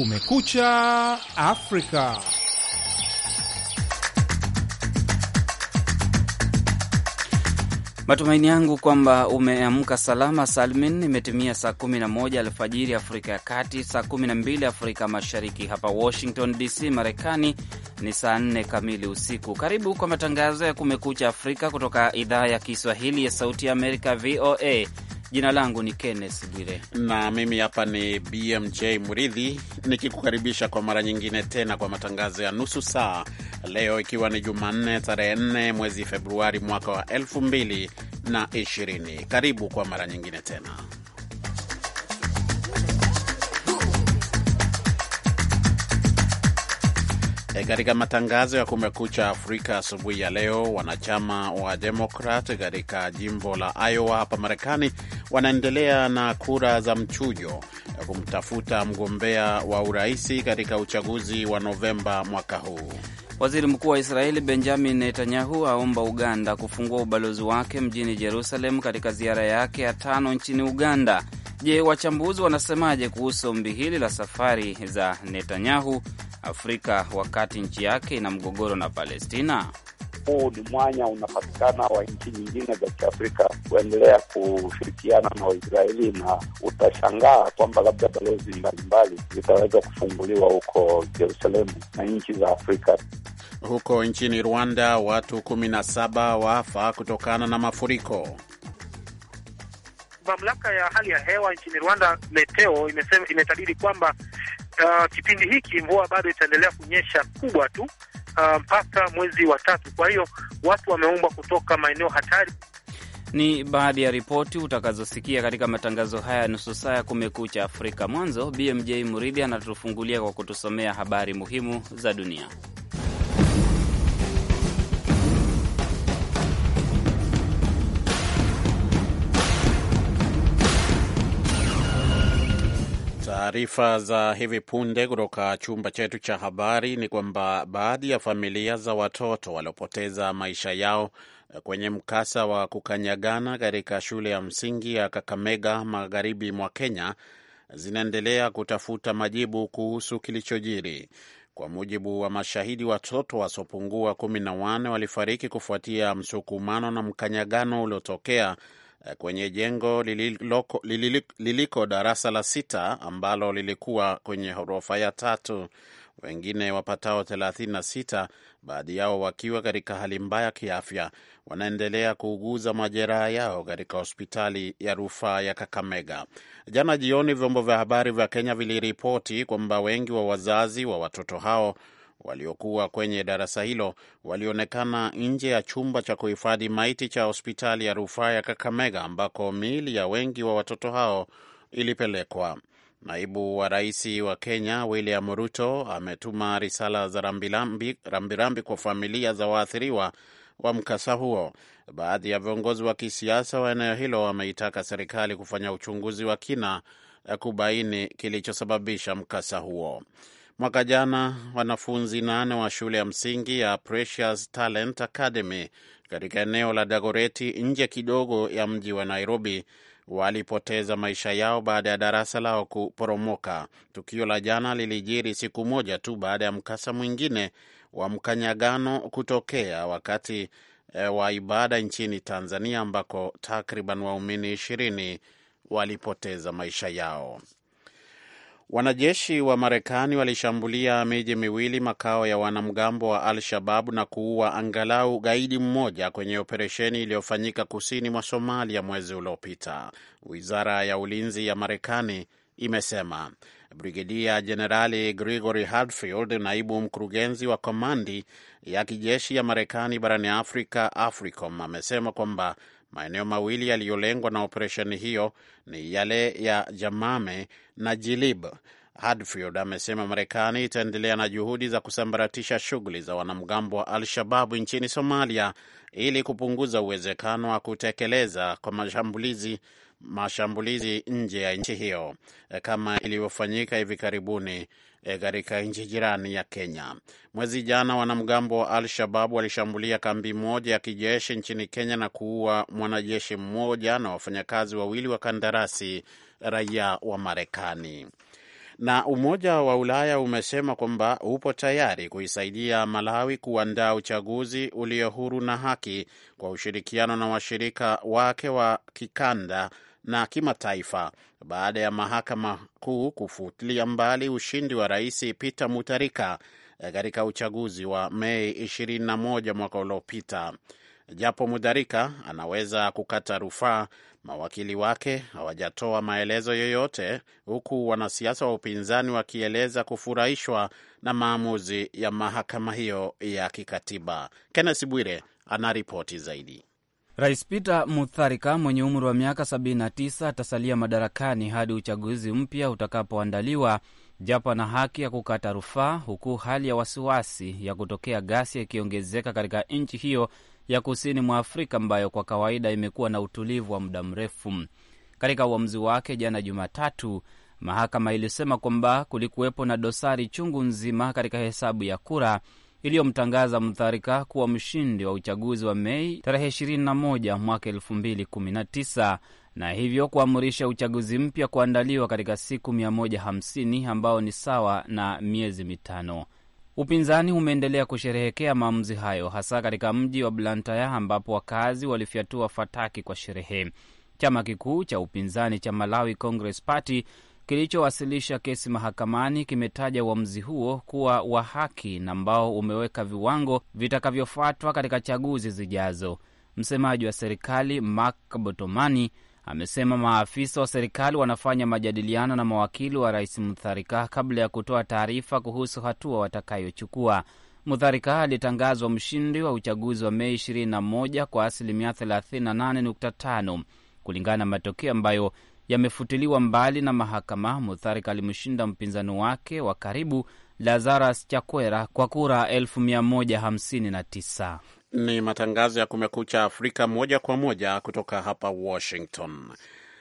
Kumekucha Afrika. Matumaini yangu kwamba umeamka salama salmin. Imetimia saa 11 alfajiri Afrika ya Kati, saa 12 Afrika Mashariki. Hapa Washington DC, Marekani ni saa 4 kamili usiku. Karibu kwa matangazo ya Kumekucha Afrika kutoka idhaa ya Kiswahili ya Sauti ya Amerika, VOA. Jina langu ni Kenneth Bwire na mimi hapa ni BMJ mridhi nikikukaribisha kwa mara nyingine tena kwa matangazo ya nusu saa, leo ikiwa ni Jumanne tarehe 4 mwezi Februari mwaka wa 2020. Karibu kwa mara nyingine tena E, katika matangazo ya Kumekucha Afrika asubuhi ya leo, wanachama wa Demokrat katika jimbo la Iowa hapa Marekani wanaendelea na kura za mchujo ya kumtafuta mgombea wa uraisi katika uchaguzi wa Novemba mwaka huu. Waziri Mkuu wa Israeli Benjamin Netanyahu aomba Uganda kufungua ubalozi wake mjini Jerusalem katika ziara yake ya tano nchini Uganda. Je, wachambuzi wanasemaje kuhusu ombi hili la safari za Netanyahu Afrika wakati nchi yake ina mgogoro na Palestina? Huu ni mwanya unapatikana wa nchi nyingine za Kiafrika kuendelea kushirikiana na Waisraeli, na utashangaa kwamba labda balozi mbalimbali zitaweza kufunguliwa huko Jerusalemu na nchi za Afrika. Huko nchini Rwanda watu kumi na saba wafa kutokana na mafuriko. Mamlaka ya hali ya hewa nchini Rwanda, Meteo, imetabiri kwamba uh, kipindi hiki mvua bado itaendelea kunyesha kubwa tu uh, mpaka mwezi wa tatu. Kwa hiyo watu wameumbwa kutoka maeneo hatari. Ni baadhi ya ripoti utakazosikia katika matangazo haya nusu saa ya Kumekucha Afrika. Mwanzo BMJ Muridhi anatufungulia kwa kutusomea habari muhimu za dunia. Taarifa za hivi punde kutoka chumba chetu cha habari ni kwamba baadhi ya familia za watoto waliopoteza maisha yao kwenye mkasa wa kukanyagana katika shule ya msingi ya Kakamega magharibi mwa Kenya zinaendelea kutafuta majibu kuhusu kilichojiri. Kwa mujibu wa mashahidi, watoto wasiopungua kumi na wanne walifariki kufuatia msukumano na mkanyagano uliotokea Eh, kwenye jengo lililoko, liliko, lililiko darasa la sita ambalo lilikuwa kwenye ghorofa ya tatu. Wengine wapatao 36 baadhi yao wakiwa katika hali mbaya kiafya, wanaendelea kuuguza majeraha yao katika hospitali ya rufaa ya Kakamega. Jana jioni, vyombo vya habari vya Kenya viliripoti kwamba wengi wa wazazi wa watoto hao waliokuwa kwenye darasa hilo walionekana nje ya chumba cha kuhifadhi maiti cha hospitali ya rufaa ya Kakamega ambako miili ya wengi wa watoto hao ilipelekwa. Naibu wa rais wa Kenya William Ruto ametuma risala za rambirambi, rambirambi kwa familia za waathiriwa wa mkasa huo. Baadhi ya viongozi wa kisiasa wa eneo hilo wameitaka serikali kufanya uchunguzi wa kina eh, kubaini kilichosababisha mkasa huo. Mwaka jana wanafunzi nane wa shule ya msingi ya Precious Talent Academy katika eneo la Dagoreti nje kidogo ya mji wa Nairobi walipoteza maisha yao baada ya darasa lao kuporomoka. Tukio la jana lilijiri siku moja tu baada ya mkasa mwingine wa mkanyagano kutokea wakati eh, wa ibada nchini Tanzania ambako takriban waumini ishirini walipoteza maisha yao. Wanajeshi wa Marekani walishambulia miji miwili makao ya wanamgambo wa Al-Shababu na kuua angalau gaidi mmoja kwenye operesheni iliyofanyika kusini mwa Somalia mwezi uliopita, wizara ya ulinzi ya Marekani imesema. Brigedia Jenerali Gregory Hadfield, naibu mkurugenzi wa komandi ya kijeshi ya Marekani barani Afrika, AFRICOM, amesema kwamba Maeneo mawili yaliyolengwa na operesheni hiyo ni yale ya Jamame na Jilib. Hadfield amesema Marekani itaendelea na juhudi za kusambaratisha shughuli za wanamgambo wa Al-Shababu nchini Somalia ili kupunguza uwezekano wa kutekeleza kwa mashambulizi mashambulizi nje ya nchi hiyo e, kama ilivyofanyika hivi karibuni e, katika nchi jirani ya Kenya. Mwezi jana, wanamgambo wa Al Shabab walishambulia kambi moja ya kijeshi nchini Kenya na kuua mwanajeshi mmoja na wafanyakazi wawili wa kandarasi raia wa Marekani. Na Umoja wa Ulaya umesema kwamba upo tayari kuisaidia Malawi kuandaa uchaguzi ulio huru na haki kwa ushirikiano na washirika wake wa kikanda na kimataifa baada ya mahakama kuu kufutilia mbali ushindi wa Rais Peter Mutharika eh, katika uchaguzi wa Mei 21 mwaka uliopita. Japo Mudharika anaweza kukata rufaa, mawakili wake hawajatoa maelezo yoyote, huku wanasiasa wa upinzani wakieleza kufurahishwa na maamuzi ya mahakama hiyo ya kikatiba. Kenneth Bwire ana ripoti zaidi. Rais Peter Mutharika mwenye umri wa miaka 79 atasalia madarakani hadi uchaguzi mpya utakapoandaliwa, japo ana haki ya kukata rufaa, huku hali ya wasiwasi ya kutokea ghasia ikiongezeka katika nchi hiyo ya kusini mwa Afrika ambayo kwa kawaida imekuwa na utulivu wa muda mrefu. Katika uamuzi wake jana Jumatatu, mahakama ilisema kwamba kulikuwepo na dosari chungu nzima katika hesabu ya kura iliyomtangaza Mutharika kuwa mshindi wa uchaguzi wa Mei tarehe 21 mwaka 2019 na hivyo kuamrisha uchaguzi mpya kuandaliwa katika siku 150 ambao ni sawa na miezi mitano. Upinzani umeendelea kusherehekea maamuzi hayo hasa katika mji wa Blantaya ambapo wakazi walifyatua fataki kwa sherehe. Chama kikuu cha upinzani cha Malawi Congress Party kilichowasilisha kesi mahakamani kimetaja uamuzi huo kuwa wa haki na ambao umeweka viwango vitakavyofuatwa katika chaguzi zijazo. Msemaji wa serikali Mark Botomani amesema maafisa wa serikali wanafanya majadiliano na mawakili wa rais Mutharika kabla ya kutoa taarifa kuhusu hatua watakayochukua. Mutharika alitangazwa mshindi wa uchaguzi wa Mei 21 kwa asilimia 38.5 kulingana na matokeo ambayo yamefutiliwa mbali na mahakama. Mutharika alimshinda mpinzani wake wa karibu Lazarus Chakwera kwa kura 159 Ni matangazo ya Kumekucha Afrika moja kwa moja kutoka hapa Washington.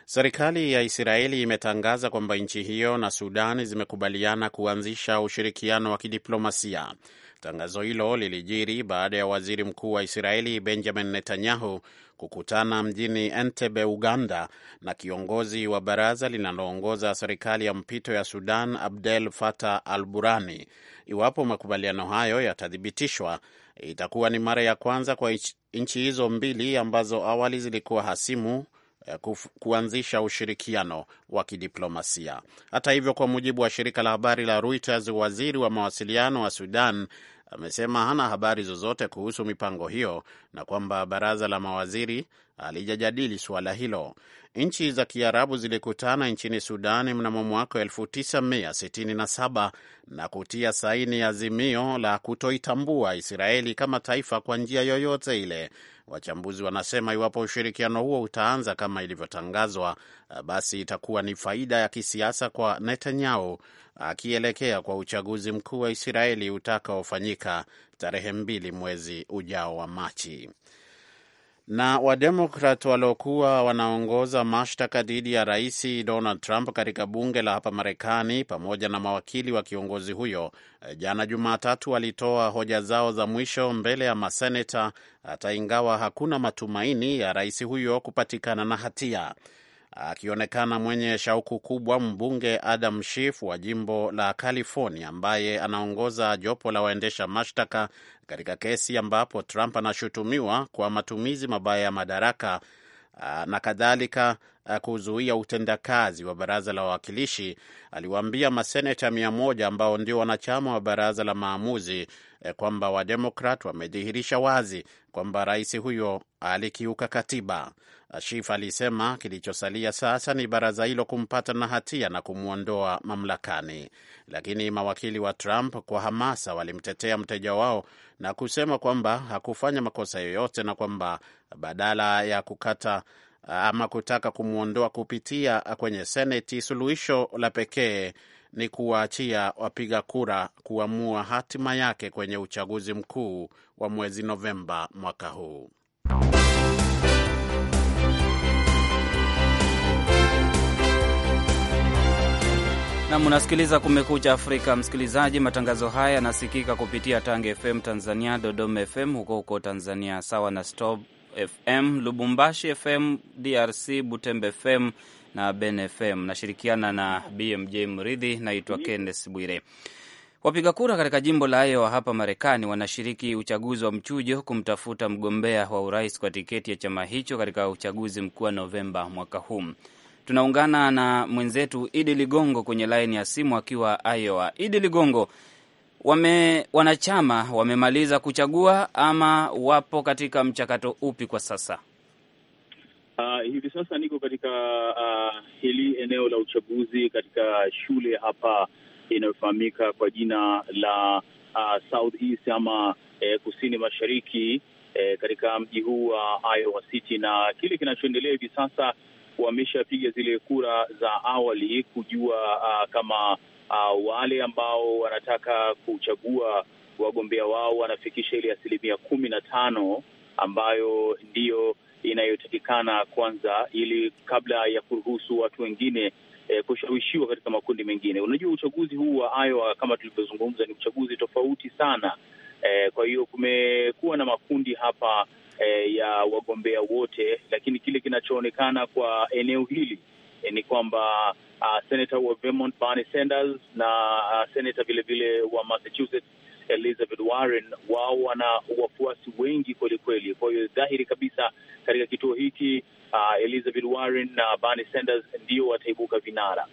Serikali ya Israeli imetangaza kwamba nchi hiyo na Sudani zimekubaliana kuanzisha ushirikiano wa kidiplomasia. Tangazo hilo lilijiri baada ya waziri mkuu wa Israeli Benjamin Netanyahu kukutana mjini Entebbe, Uganda, na kiongozi wa baraza linaloongoza serikali ya mpito ya Sudan Abdel Fattah al-Burani. Iwapo makubaliano hayo yatathibitishwa, itakuwa ni mara ya kwanza kwa nchi hizo mbili ambazo awali zilikuwa hasimu Eh, kuanzisha ushirikiano wa kidiplomasia. Hata hivyo, kwa mujibu wa shirika la habari la Reuters, waziri wa mawasiliano wa Sudan amesema hana habari zozote kuhusu mipango hiyo na kwamba baraza la mawaziri alijajadili suala hilo. Nchi za Kiarabu zilikutana nchini Sudani mnamo mwaka 1967 na kutia saini azimio la kutoitambua Israeli kama taifa kwa njia yoyote ile. Wachambuzi wanasema iwapo ushirikiano huo utaanza kama ilivyotangazwa, basi itakuwa ni faida ya kisiasa kwa Netanyahu akielekea kwa uchaguzi mkuu wa Israeli utakaofanyika tarehe mbili mwezi ujao wa Machi. Na Wademokrat waliokuwa wanaongoza mashtaka dhidi ya Rais Donald Trump katika bunge la hapa Marekani pamoja na mawakili wa kiongozi huyo jana Jumatatu walitoa hoja zao za mwisho mbele ya maseneta, hata ingawa hakuna matumaini ya rais huyo kupatikana na hatia. Akionekana mwenye shauku kubwa, mbunge Adam Schiff wa jimbo la California, ambaye anaongoza jopo la waendesha mashtaka katika kesi ambapo Trump anashutumiwa kwa matumizi mabaya ya madaraka ah, na kadhalika ah, kuzuia utendakazi wa baraza la wawakilishi, aliwaambia maseneta mia moja ambao ndio wanachama wa baraza la maamuzi Eh, kwamba Wademokrat wamedhihirisha wazi kwamba rais huyo alikiuka katiba. Shif alisema kilichosalia sasa ni baraza hilo kumpata na hatia na kumwondoa mamlakani, lakini mawakili wa Trump kwa hamasa walimtetea mteja wao na kusema kwamba hakufanya makosa yoyote na kwamba badala ya kukata ama kutaka kumwondoa kupitia kwenye seneti, suluhisho la pekee ni kuwaachia wapiga kura kuamua hatima yake kwenye uchaguzi mkuu wa mwezi Novemba mwaka huu. unasikiliza kumekuu Kumekucha Afrika, msikilizaji. Matangazo haya yanasikika kupitia Tange FM Tanzania, Dodoma FM huko huko Tanzania, sawa na Stop FM, Lubumbashi FM DRC, Butembe FM na Ben FM. Nashirikiana na BMJ Mridhi. Naitwa Kenneth Bwire. Wapiga kura katika jimbo la Iowa hapa Marekani wanashiriki uchaguzi wa mchujo kumtafuta mgombea wa urais kwa tiketi ya chama hicho katika uchaguzi mkuu wa Novemba mwaka huu. Tunaungana na mwenzetu Idi Ligongo kwenye laini ya simu akiwa Iowa. Idi Ligongo, wame, wanachama wamemaliza kuchagua ama wapo katika mchakato upi kwa sasa? Uh, hivi sasa niko katika uh, hili eneo la uchaguzi katika shule hapa inayofahamika kwa jina la uh, South East ama eh, kusini mashariki eh, katika mji huu wa uh, Iowa City, na kile kinachoendelea hivi sasa, wameshapiga zile kura za awali kujua uh, kama uh, wale ambao wanataka kuchagua wagombea wao wanafikisha ile asilimia kumi na tano ambayo ndiyo inayotakikana kwanza, ili kabla ya kuruhusu watu wengine e, kushawishiwa katika makundi mengine. Unajua, uchaguzi huu wa Iowa kama tulivyozungumza ni uchaguzi tofauti sana. E, kwa hiyo kumekuwa na makundi hapa e, ya wagombea wote, lakini kile kinachoonekana kwa eneo hili e, ni kwamba uh, ah, senata wa Vermont Bernie Sanders na uh, ah, senata vilevile wa Massachusetts Elizabeth Warren, wao wana wafuasi wengi kwelikweli. Kwa hiyo dhahiri kabisa katika kituo hiki uh, Elizabeth Warren na uh, Bernie Sanders ndio wataibuka vinara.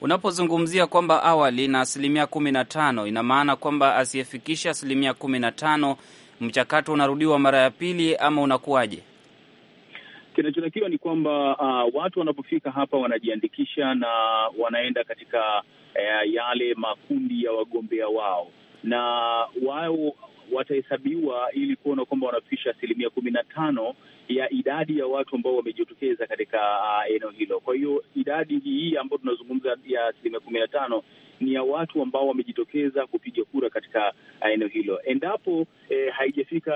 Unapozungumzia kwamba awali na asilimia kumi na tano, ina maana kwamba asiyefikisha asilimia kumi na tano mchakato unarudiwa mara ya pili ama unakuwaje? Kinachotakiwa ni kwamba uh, watu wanapofika hapa wanajiandikisha na wanaenda katika uh, yale makundi ya wagombea wao na wao watahesabiwa ili kuona kwamba wanafikisha asilimia kumi na tano ya idadi ya watu ambao wamejitokeza katika uh, eneo hilo. Kwa hiyo idadi hii ambayo tunazungumza ya asilimia kumi na tano ni ya watu ambao wamejitokeza kupiga kura katika uh, eneo hilo. Endapo eh, haijafika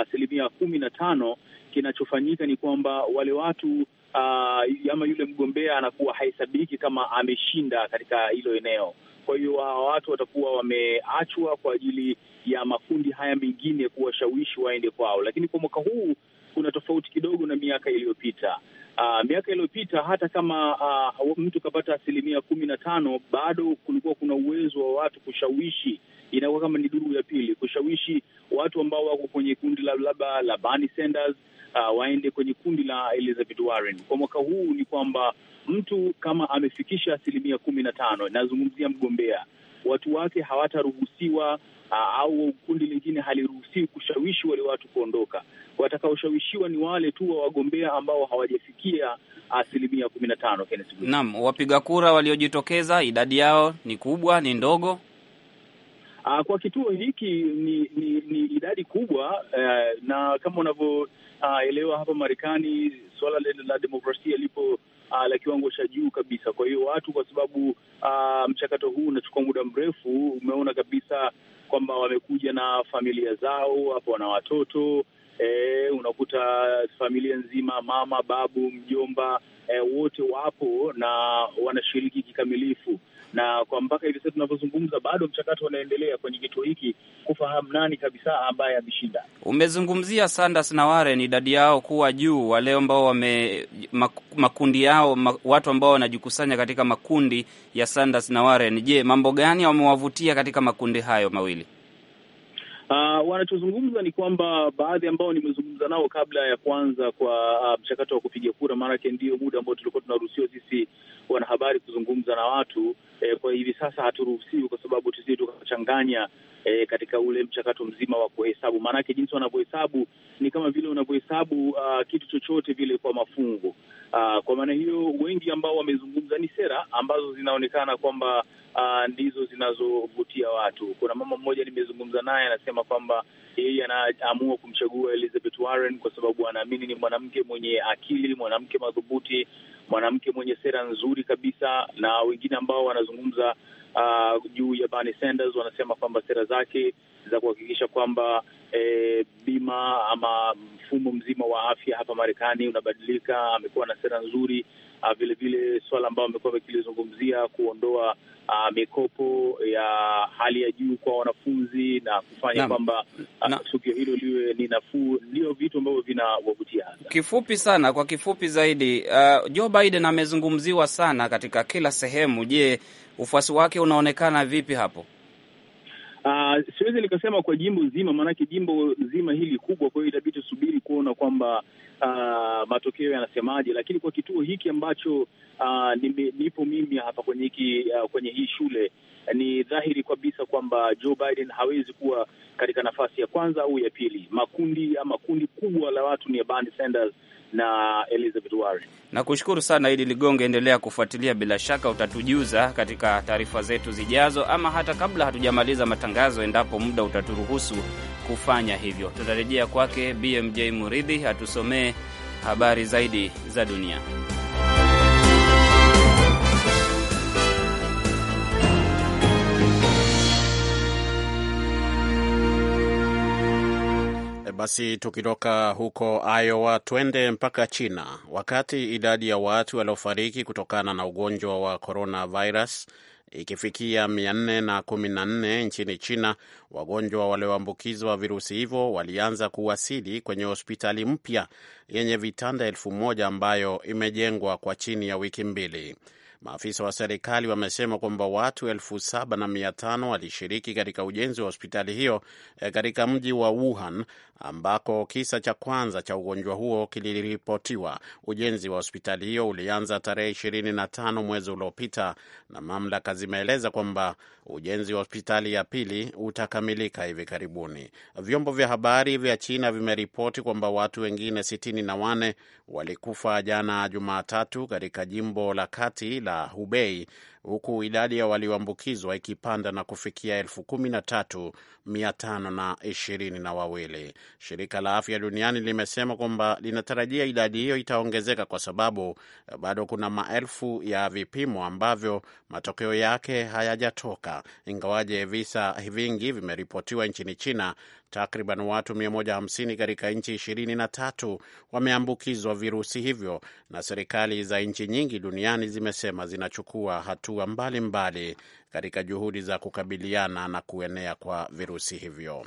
asilimia uh, uh, kumi na tano, kinachofanyika ni kwamba wale watu uh, ama yule mgombea anakuwa hahesabiki kama ameshinda katika hilo eneo. Kwa hiyo hawa watu watakuwa wameachwa kwa ajili ya makundi haya mengine kuwashawishi waende kwao, lakini kwa mwaka huu kuna tofauti kidogo na miaka iliyopita. Uh, miaka iliyopita hata kama uh, mtu kapata asilimia kumi na tano bado kulikuwa kuna uwezo wa watu kushawishi, inakuwa kama ni duru ya pili kushawishi watu ambao wako kwenye kundi la labda la Bernie Sanders uh, waende kwenye kundi la Elizabeth Warren. Kwa mwaka huu ni kwamba mtu kama amefikisha asilimia kumi na tano, nazungumzia mgombea, watu wake hawataruhusiwa au kundi lingine haliruhusiwi kushawishi wale watu kuondoka. Watakaoshawishiwa ni wale tu wa wagombea ambao hawajafikia asilimia kumi na tano. Naam, wapiga kura waliojitokeza idadi yao ni kubwa, ni ndogo? Aa, kwa kituo hiki ni, ni, ni idadi kubwa eh, na kama unavyoelewa hapa Marekani suala la demokrasia lipo uh, la kiwango cha juu kabisa. Kwa hiyo watu, kwa sababu uh, mchakato huu unachukua muda mrefu, umeona kabisa kwamba wamekuja na familia zao, hapo wana watoto E, unakuta familia nzima, mama, babu, mjomba, e, wote wapo na wanashiriki kikamilifu na kwa mpaka hivi sasa tunavyozungumza, bado mchakato unaendelea kwenye kituo hiki kufahamu nani kabisa ambaye ameshinda. Umezungumzia Sanders na Warren, idadi yao kuwa juu, wale ambao wame makundi yao ma, watu ambao wanajikusanya katika makundi ya Sanders na Warren. Je, mambo gani wamewavutia katika makundi hayo mawili? Uh, wanachozungumza ni kwamba baadhi ambao nimezungumza nao kabla ya kuanza kwa uh, mchakato wa kupiga kura, maanake ndio muda ambao tulikuwa tunaruhusiwa sisi wanahabari kuzungumza na watu eh, kwa hivi sasa haturuhusiwi kwa sababu tusije tukachanganya e, katika ule mchakato mzima wa kuhesabu. Maanake jinsi wanavyohesabu ni kama vile unavyohesabu uh, kitu chochote vile kwa mafungu uh, kwa maana hiyo wengi ambao wamezungumza ni sera ambazo zinaonekana kwamba uh, ndizo zinazovutia watu. Kuna mama mmoja nimezungumza naye anasema kwamba yeye anaamua kumchagua Elizabeth Warren kwa sababu anaamini ni mwanamke mwenye akili, mwanamke madhubuti, mwanamke mwenye sera nzuri kabisa, na wengine ambao wanazungumza uh, juu ya Bernie Sanders. Wanasema kwamba sera zake za kuhakikisha kwamba e, bima ama mfumo mzima wa afya hapa Marekani unabadilika. Amekuwa na sera nzuri vilevile, ah, uh, vile swala ambayo amekuwa akilizungumzia kuondoa uh, mikopo ya hali ya juu kwa wanafunzi na kufanya kwamba uh, tukio hilo liwe ni nafuu, ndio vitu ambavyo vinawavutia hasa. Kifupi sana, kwa kifupi zaidi, uh, Joe Biden amezungumziwa sana katika kila sehemu. Je, ufuasi wake unaonekana vipi hapo? Uh, siwezi nikasema kwa jimbo zima, maanake jimbo zima hili kubwa, kwa hiyo itabidi tusubiri kuona kwamba uh, matokeo yanasemaje, lakini kwa kituo hiki ambacho uh, nime, nipo mimi hapa kwenye hiki uh, kwenye hii shule ni dhahiri kabisa kwamba Joe Biden hawezi kuwa katika nafasi ya kwanza au ya pili. Makundi ama kundi kubwa la watu ni ya Bernie Sanders na Elizabeth Warren. Nakushukuru sana Idi Ligonge, endelea kufuatilia, bila shaka utatujuza katika taarifa zetu zijazo, ama hata kabla hatujamaliza matangazo, endapo muda utaturuhusu kufanya hivyo. Tutarejea kwake BMJ Muridhi atusomee habari zaidi za dunia. Basi tukitoka huko Iowa twende mpaka China. Wakati idadi ya watu waliofariki kutokana na ugonjwa wa coronavirus ikifikia 414 nchini China, wagonjwa walioambukizwa virusi hivyo walianza kuwasili kwenye hospitali mpya yenye vitanda elfu moja ambayo imejengwa kwa chini ya wiki mbili. Maafisa wa serikali wamesema kwamba watu elfu saba na mia tano walishiriki katika ujenzi wa hospitali hiyo eh, katika mji wa Wuhan ambako kisa cha kwanza cha ugonjwa huo kiliripotiwa. Ujenzi wa hospitali hiyo ulianza tarehe ishirini na tano mwezi uliopita, na mamlaka zimeeleza kwamba ujenzi wa hospitali ya pili utakamilika hivi karibuni. Vyombo vya habari vya China vimeripoti kwamba watu wengine sitini na wane walikufa jana Jumatatu katika jimbo la kati la Hubei huku idadi ya walioambukizwa ikipanda na kufikia elfu kumi na tatu mia tano na ishirini na wawili. Shirika la Afya Duniani limesema kwamba linatarajia idadi hiyo itaongezeka kwa sababu bado kuna maelfu ya vipimo ambavyo matokeo yake hayajatoka, ingawaje visa vingi vimeripotiwa nchini China. Takriban watu 150 katika nchi 23 wameambukizwa virusi hivyo, na serikali za nchi nyingi duniani zimesema zinachukua hatua hatua mbalimbali katika juhudi za kukabiliana na kuenea kwa virusi hivyo.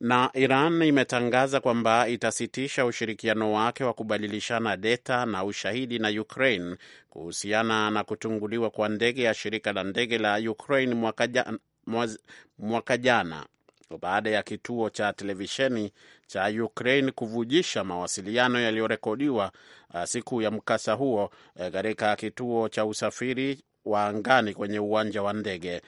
Na Iran imetangaza kwamba itasitisha ushirikiano wake wa kubadilishana deta na ushahidi na Ukraine kuhusiana na kutunguliwa kwa ndege ya shirika la ndege la Ukraine mwaka jana, mwaka jana baada ya kituo cha televisheni cha Ukraine kuvujisha mawasiliano yaliyorekodiwa uh, siku ya mkasa huo uh, katika kituo cha usafiri wa angani kwenye uwanja wa ndege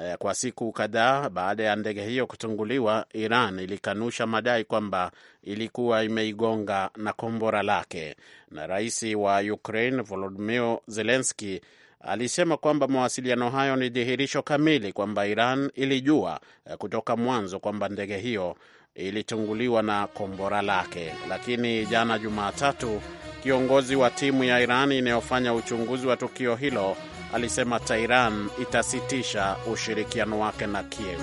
eh, kwa siku kadhaa baada ya ndege hiyo kutunguliwa. Iran ilikanusha madai kwamba ilikuwa imeigonga na kombora lake, na rais wa Ukraine Volodymyr Zelensky alisema kwamba mawasiliano hayo ni dhihirisho kamili kwamba Iran ilijua eh, kutoka mwanzo kwamba ndege hiyo ilitunguliwa na kombora lake. Lakini jana Jumatatu, kiongozi wa timu ya Iran inayofanya uchunguzi wa tukio hilo alisema Tehran itasitisha ushirikiano wake na Kiev.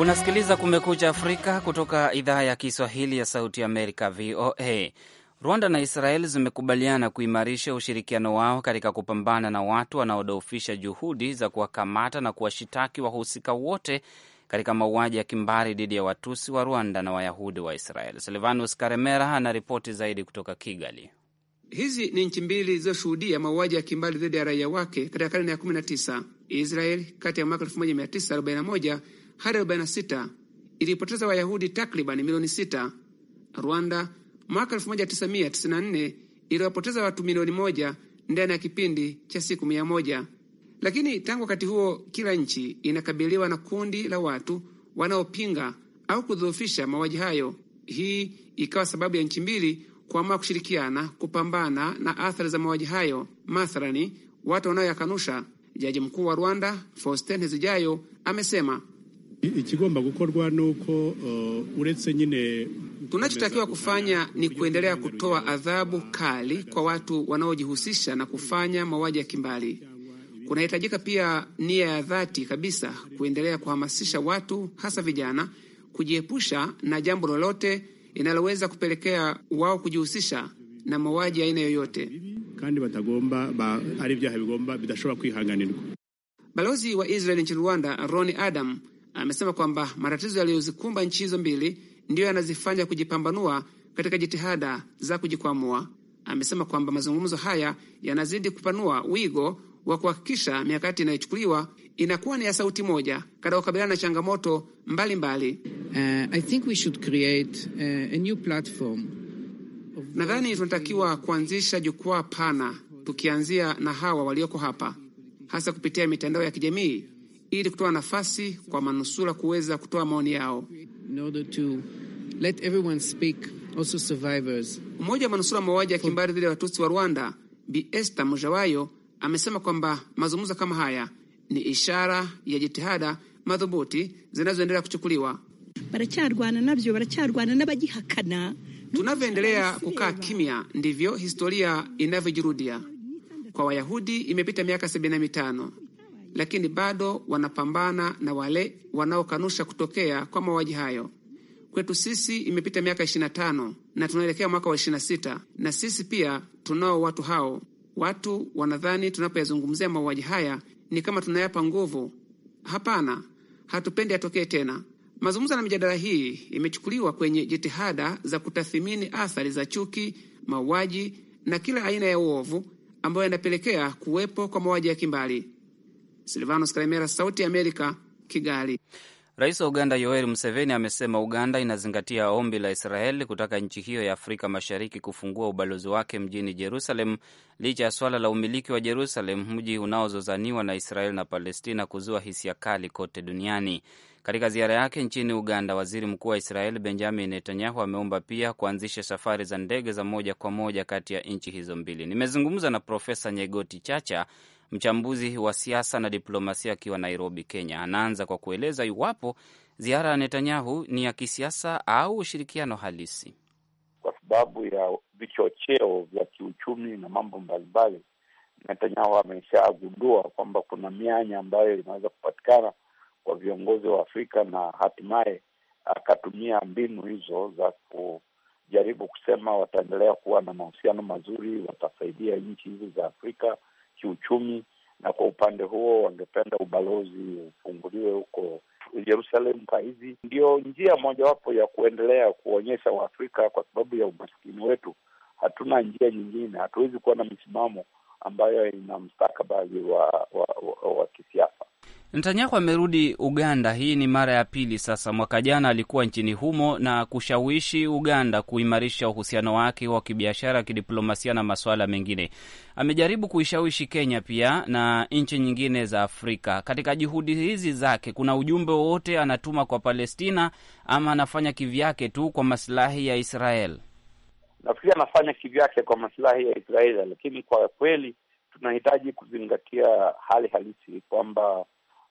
Unasikiliza Kumekucha Afrika kutoka idhaa ya Kiswahili ya Sauti Amerika, VOA. Rwanda na Israel zimekubaliana kuimarisha ushirikiano wao katika kupambana na watu wanaodhoofisha juhudi za kuwakamata na kuwashitaki wahusika wote katika mauaji ya kimbari dhidi ya Watusi wa Rwanda na Wayahudi wa Israel. Silvanus Karemera ana ripoti zaidi kutoka Kigali. Hizi ni nchi mbili zilizoshuhudia mauaji ya kimbali dhidi ya raia wake katika karne ya 19. Israel kati ya mwaka 1941 hadi 46 ilipoteza Wayahudi takribani milioni 6. Rwanda mwaka 1994 iliwapoteza watu milioni moja ndani ya kipindi cha siku mia moja. Lakini tangu wakati huo kila nchi inakabiliwa na kundi la watu wanaopinga au kudhoofisha mauaji hayo. Hii ikawa sababu ya nchi mbili kuamua kushirikiana kupambana na athari za mauaji hayo, mathalani watu wanayoyakanusha. Jaji mkuu wa Rwanda Faustin Hezijayo amesema ikigomba gukorwa nuko uh, uretse nyine tunachotakiwa kufanya ni kuendelea kutoa adhabu kali kwa watu wanaojihusisha na kufanya mauaji ya kimbali. Kunahitajika pia nia ya dhati kabisa kuendelea kuhamasisha watu, hasa vijana, kujiepusha na jambo lolote linaloweza kupelekea wao kujihusisha na mauaji aina yoyote. Balozi wa Israeli nchini Rwanda ron Adam amesema kwamba matatizo yaliyozikumba nchi hizo mbili ndiyo yanazifanya kujipambanua katika jitihada za kujikwamua. Amesema kwamba mazungumzo haya yanazidi kupanua wigo wa kuhakikisha mikakati inayochukuliwa inakuwa ni ya sauti moja katika kukabiliana na changamoto mbalimbali. Uh, uh nadhani tunatakiwa kuanzisha jukwaa pana, tukianzia na hawa walioko hapa, hasa kupitia mitandao ya kijamii, ili kutoa nafasi kwa manusura kuweza kutoa maoni yao. Mmoja wa manusura mauaji ya kimbari dhidi ya Watusi wa Rwanda, Bi Esther Mujawayo amesema kwamba mazungumzo kama haya ni ishara ya jitihada madhubuti zinazoendelea kuchukuliwa. baracharwana navyo baracharwana n'abagihakana. Tunavyoendelea kukaa kimya, ndivyo historia inavyojirudia. Kwa Wayahudi imepita miaka sabini na mitano, lakini bado wanapambana na wale wanaokanusha kutokea kwa mauaji hayo. Kwetu sisi imepita miaka 25 na tunaelekea mwaka wa sita na sisi pia tunao watu hao Watu wanadhani tunapoyazungumzia mauaji haya ni kama tunayapa nguvu. Hapana, hatupendi yatokee tena. Mazungumzo na mijadala hii imechukuliwa kwenye jitihada za kutathimini athari za chuki, mauaji na kila aina ya uovu ambayo yanapelekea kuwepo kwa mauaji ya kimbali. Silvanos Kalemera, Sauti ya Amerika, Kigali. Rais wa Uganda Yoweri Museveni amesema Uganda inazingatia ombi la Israeli kutaka nchi hiyo ya Afrika Mashariki kufungua ubalozi wake mjini Jerusalem licha ya swala la umiliki wa Jerusalem, mji unaozozaniwa na Israeli na Palestina, kuzua hisia kali kote duniani. Katika ziara yake nchini Uganda, waziri mkuu wa israel Benjamin Netanyahu ameomba pia kuanzisha safari za ndege za moja kwa moja kati ya nchi hizo mbili. Nimezungumza na Profesa Nyegoti Chacha mchambuzi wa siasa na diplomasia akiwa Nairobi, Kenya. Anaanza kwa kueleza iwapo ziara ya Netanyahu ni ya kisiasa au ushirikiano halisi, kwa sababu ya vichocheo vya kiuchumi na mambo mbalimbali. Netanyahu ameshagundua kwamba kuna mianya ambayo inaweza kupatikana kwa viongozi wa Afrika na hatimaye akatumia mbinu hizo za kujaribu kusema wataendelea kuwa na mahusiano mazuri, watasaidia nchi hizi za Afrika kiuchumi, na kwa upande huo wangependa ubalozi ufunguliwe huko Kwa sahizi. ndio njia mojawapo ya kuendelea kuonyesha Waafrika, kwa sababu ya umaskini wetu, hatuna njia nyingine, hatuwezi kuwa na misimamo ambayo ina mstakabali wa, wa, wa, wa kisiasa. Netanyahu amerudi Uganda. Hii ni mara ya pili sasa. Mwaka jana alikuwa nchini humo na kushawishi Uganda kuimarisha uhusiano wake wa kibiashara, kidiplomasia na masuala mengine. Amejaribu kuishawishi Kenya pia na nchi nyingine za Afrika. Katika juhudi hizi zake, kuna ujumbe wowote anatuma kwa Palestina ama anafanya kivyake tu kwa masilahi ya Israel? Nafikiri anafanya kivyake kwa masilahi ya Israel, lakini kwa kweli tunahitaji kuzingatia hali halisi kwamba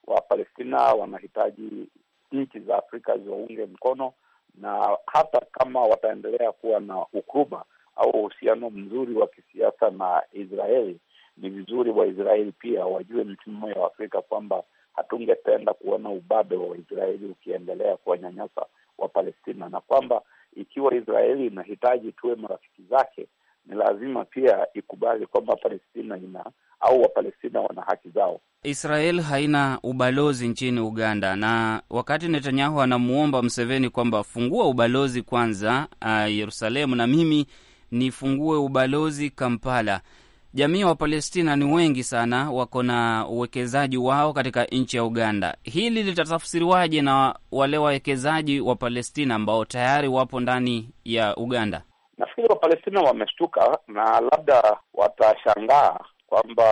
Wapalestina wanahitaji nchi za Afrika ziwaunge mkono, na hata kama wataendelea kuwa na ukuruba au uhusiano mzuri wa kisiasa na Israeli, ni vizuri Waisraeli pia wajue mmoja ya Afrika kwamba hatungependa kuona ubabe wa Waisraeli ukiendelea kuwanyanyasa Wapalestina, na kwamba ikiwa Israeli inahitaji tuwe marafiki zake, ni lazima pia ikubali kwamba Palestina ina au Wapalestina wana haki zao. Israel haina ubalozi nchini Uganda, na wakati Netanyahu anamwomba Mseveni kwamba fungua ubalozi kwanza uh, Yerusalemu na mimi nifungue ubalozi Kampala. Jamii wa Palestina ni wengi sana, wako na uwekezaji wao katika nchi ya Uganda. Hili litatafsiriwaje na wale wawekezaji wa Palestina ambao tayari wapo ndani ya Uganda? Nafikiri Wapalestina wameshtuka na labda watashangaa kwamba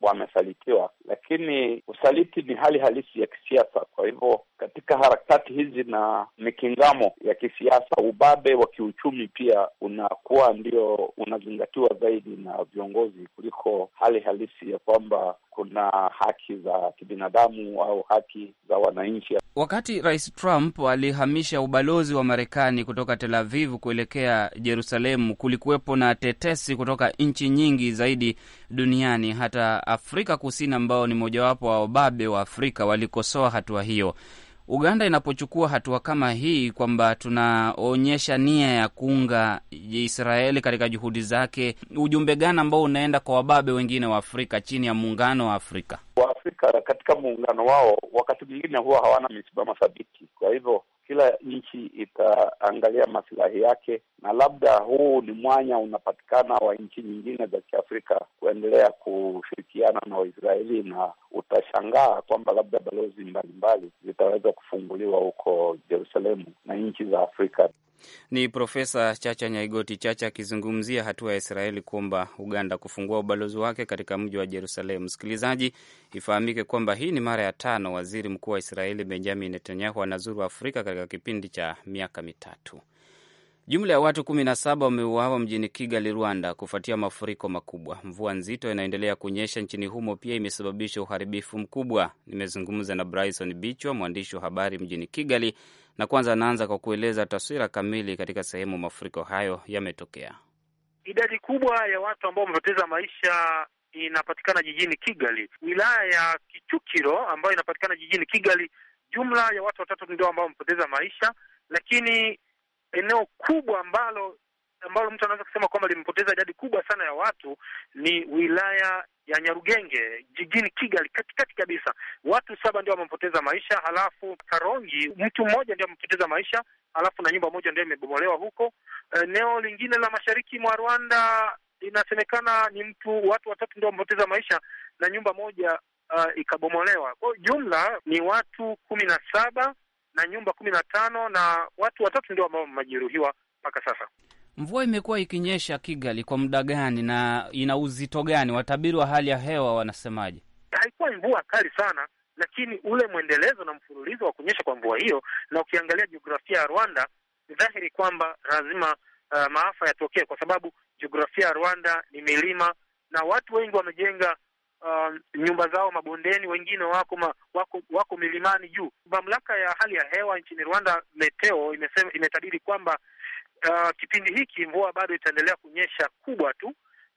wamesalitiwa, lakini usaliti ni hali halisi ya kisiasa. Kwa hivyo katika harakati hizi na mikingamo ya kisiasa, ubabe wa kiuchumi pia unakuwa ndio unazingatiwa zaidi na viongozi kuliko hali halisi ya kwamba kuna haki za kibinadamu au haki za wananchi. Wakati Rais Trump alihamisha ubalozi wa Marekani kutoka Tel Aviv kuelekea Jerusalemu, kulikuwepo na tetesi kutoka nchi nyingi zaidi duniani hata Afrika Kusini ambao ni mojawapo wa wababe wa Afrika walikosoa hatua hiyo. Uganda inapochukua hatua kama hii kwamba tunaonyesha nia ya kuunga Israeli katika juhudi zake, ujumbe gani ambao unaenda kwa wababe wengine wa Afrika chini ya muungano wa Afrika? Waafrika katika muungano wao wakati mwingine huwa hawana misimamo thabiti, kwa hivyo kila nchi itaangalia masilahi yake, na labda huu ni mwanya unapatikana wa nchi nyingine za Kiafrika kuendelea kushirikiana na Waisraeli, na utashangaa kwamba labda balozi mbalimbali zitaweza kufunguliwa huko Jerusalemu na nchi za Afrika. Ni Profesa Chacha Nyaigoti Chacha akizungumzia hatua ya Israeli kuomba Uganda kufungua ubalozi wake katika mji wa Jerusalemu. Msikilizaji, ifahamike kwamba hii ni mara ya tano waziri mkuu wa Israeli Benjamin Netanyahu anazuru Afrika katika kipindi cha miaka mitatu. Jumla ya watu 17 wameuawa mjini Kigali, Rwanda, kufuatia mafuriko makubwa. Mvua nzito inaendelea kunyesha nchini humo pia imesababisha uharibifu mkubwa. Nimezungumza na Bryson Bichwa, mwandishi wa habari mjini Kigali, na kwanza anaanza kwa kueleza taswira kamili katika sehemu mafuriko hayo yametokea. Idadi kubwa ya watu ambao wamepoteza maisha inapatikana jijini Kigali, wilaya ya Kichukiro ambayo inapatikana jijini Kigali. Jumla ya watu watatu ndio ambao wamepoteza maisha, lakini eneo kubwa ambalo ambalo mtu anaweza kusema kwamba limepoteza idadi kubwa sana ya watu ni wilaya ya Nyarugenge jijini Kigali, katikati kabisa. Watu saba ndio wamepoteza maisha, halafu Karongi mtu mmoja ndio amepoteza maisha, halafu na nyumba moja ndio imebomolewa huko. Eneo lingine la mashariki mwa Rwanda inasemekana ni mtu watu watatu ndio wamepoteza maisha na nyumba moja uh, ikabomolewa. Kwa jumla ni watu kumi na saba na nyumba kumi na tano na watu watatu ndio ambao wamejeruhiwa mpaka sasa. Mvua imekuwa ikinyesha Kigali kwa muda gani na ina uzito gani? Watabiri wa hali ya hewa wanasemaje? Haikuwa mvua kali sana, lakini ule mwendelezo na mfululizo wa kunyesha kwa mvua hiyo, na ukiangalia jiografia ya Rwanda ni dhahiri kwamba lazima uh, maafa yatokee, kwa sababu jiografia ya Rwanda ni milima na watu wengi wamejenga uh, nyumba zao mabondeni, wengine wako ma, wako wako milimani juu. Mamlaka ya hali ya hewa nchini Rwanda, Meteo, imesema imetabiri kwamba uh, kipindi hiki mvua bado itaendelea kunyesha kubwa tu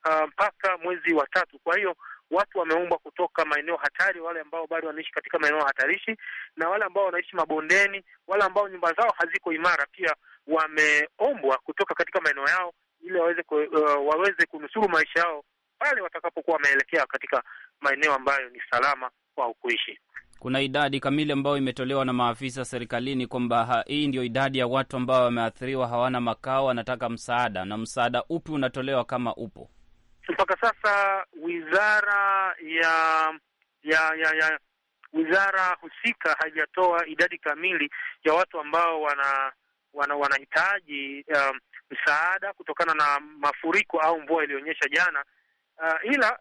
uh, mpaka mwezi wa tatu. Kwa hiyo watu wameombwa kutoka maeneo hatari, wale ambao bado wanaishi katika maeneo hatarishi na wale ambao wanaishi mabondeni, wale ambao nyumba zao haziko imara, pia wameombwa kutoka katika maeneo yao ili waweze ku, uh, waweze kunusuru maisha yao pale watakapokuwa wameelekea katika maeneo ambayo ni salama kwa kuishi kuna idadi kamili ambayo imetolewa na maafisa serikalini kwamba hii ndio idadi ya watu ambao wameathiriwa, hawana makao, wanataka msaada. Na msaada upi unatolewa kama upo? Mpaka sasa wizara ya ya ya, ya wizara husika haijatoa idadi kamili ya watu ambao wana, wana wanahitaji um, msaada kutokana na mafuriko au mvua iliyoonyesha jana Uh, ila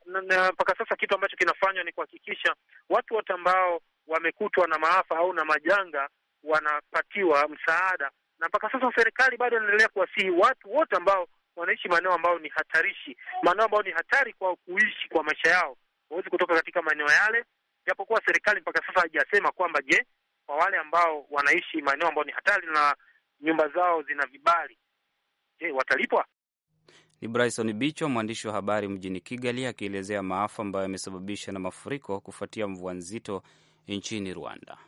mpaka sasa kitu ambacho kinafanywa ni kuhakikisha watu wote ambao wamekutwa na maafa au na majanga wanapatiwa msaada, na mpaka sasa serikali bado inaendelea kuwasihi watu wote ambao wanaishi maeneo ambayo ni hatarishi, maeneo ambayo ni hatari kwa kuishi kwa maisha yao, wawezi kutoka katika maeneo yale, japokuwa serikali mpaka sasa haijasema kwamba je, kwa wale ambao wanaishi maeneo ambayo ni hatari na nyumba zao zina vibali, je, watalipwa? Ni Bryson Bicho, mwandishi wa habari mjini Kigali, akielezea maafa ambayo yamesababishwa na mafuriko kufuatia mvua nzito nchini Rwanda.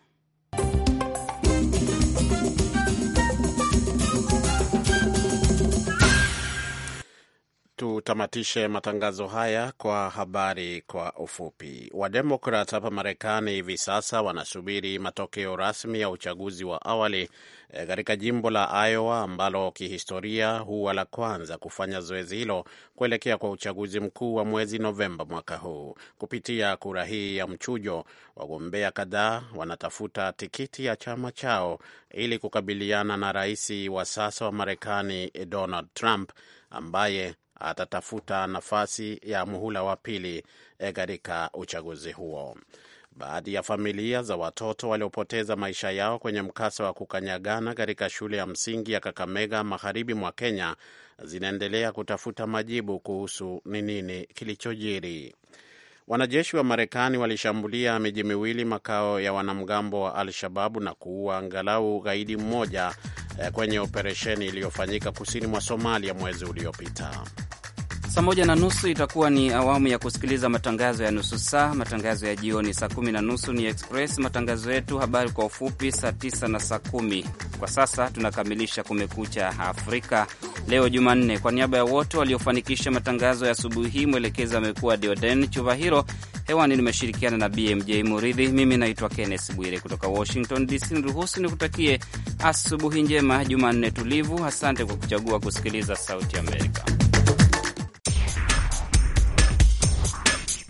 Tutamatishe matangazo haya kwa habari kwa ufupi. Wademokrat hapa Marekani hivi sasa wanasubiri matokeo rasmi ya uchaguzi wa awali eh, katika jimbo la Iowa ambalo kihistoria huwa la kwanza kufanya zoezi hilo kuelekea kwa uchaguzi mkuu wa mwezi Novemba mwaka huu. Kupitia kura hii ya mchujo, wagombea kadhaa wanatafuta tikiti ya chama chao ili kukabiliana na rais wa sasa wa Marekani Donald Trump ambaye atatafuta nafasi ya muhula wa pili eh, katika uchaguzi huo. Baadhi ya familia za watoto waliopoteza maisha yao kwenye mkasa wa kukanyagana katika shule ya msingi ya Kakamega magharibi mwa Kenya zinaendelea kutafuta majibu kuhusu ni nini kilichojiri. Wanajeshi wa Marekani walishambulia miji miwili, makao ya wanamgambo wa Al-Shababu na kuua angalau gaidi mmoja eh, kwenye operesheni iliyofanyika kusini mwa Somalia mwezi uliopita. Saa moja na nusu itakuwa ni awamu ya kusikiliza matangazo ya nusu saa, matangazo ya jioni. Saa kumi na nusu ni express, matangazo yetu habari kwa ufupi, saa tisa na saa kumi. Kwa sasa tunakamilisha Kumekucha Afrika leo Jumanne. Kwa niaba ya wote waliofanikisha matangazo ya asubuhi hii, mwelekezi amekuwa Deoden Chuvahiro. Hewani nimeshirikiana na BMJ Muridhi. Mimi naitwa kennes Bwire kutoka Washington DC. Niruhusu nikutakie asubuhi njema, Jumanne tulivu. Asante kwa kuchagua kusikiliza Sauti Amerika.